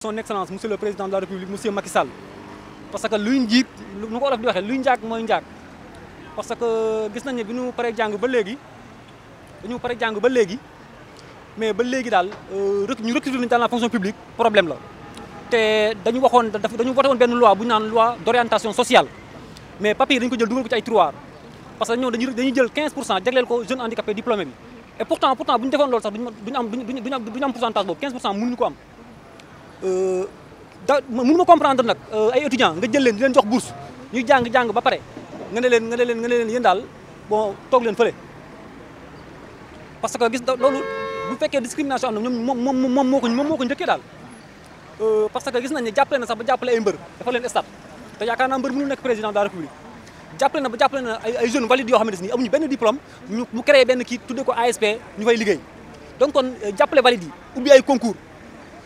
son excellence monsieur le président de la république monsieur Macky parce que que nous que parce que nous nañ que nous avons dit, nous avons mais ba dit euh, ñu dans la fonction publique problème la. té dañu voté loi bu loi d'orientation sociale mais papier ko jël parce que nous 15 avons ko handicapé diplômé et pourtant pourtant nous avons lool pourcentage 15 dit ko euh da mënuma comprendre nak euh, ay étudiants nga jël leen di leen jox bourse ñu jàng jàng ba paré nga ne leen nga ne leen nga ne leen yeen daal bon toog leen fële parce que gis loolu bu fekkee discrimination am na ñoom moom moom moo ko moom moo ko njëkkee daal euh, parce que gis nañ ne jàppale na sax ba jàppale ay mbër dafa leen stade te yaakaar naa mbër mënul président de la république jàppale na ba jàppale na ay ay jeunes valides yoo xamante ni amuñu benn diplôme ñu mu créé benn kii tuddee ko ASP ñu fay liggéey donc kon euh, jàppale valides yi ubbi ay concours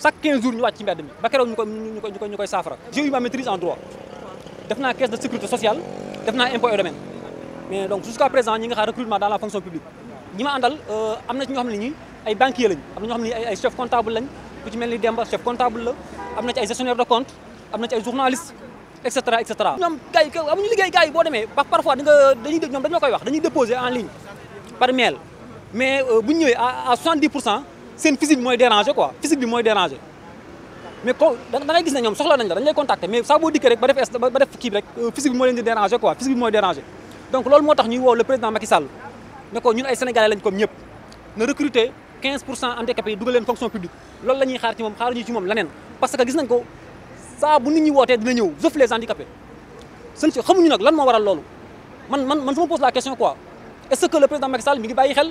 chaque 15 jours nous ci mi j'ai eu ma maîtrise en droit caisse de sécurité sociale domaine mais donc jusqu'à présent nous nga recrutement dans la fonction publique nous ma des euh, banquiers, nous ci des des de compte des journalistes, etc. ay nous parfois déposer en ligne par mail mais euh, à 70 seen physique bi mooy déranger quoi physique bi mooy déranger mais ko da ngay gis ne ñoom soxla nañ la dañ lay contacter mais ça boo dikkee rek ba def ba def kii bi rek euh, physique bi moo leen di déranger quoi physique bi mooy déranger donc loolu moo tax ñuy woo le président Macky Sall ne ko ñun ay sénégalais lañ comme ñëpp na recruter 15 pour cent handicapés yi dugal leen fonction publique loolu la ñuy xaar ci moom xaaruñu ci moom leneen parce que gis nañ ko saa bu nit ñi wootee dina ñëw sauf les handicapés seen si xamuñu nag lan moo waral loolu man man man sama pose la question quoi est-ce que le président Macky Sall mi ngi bàyyi xel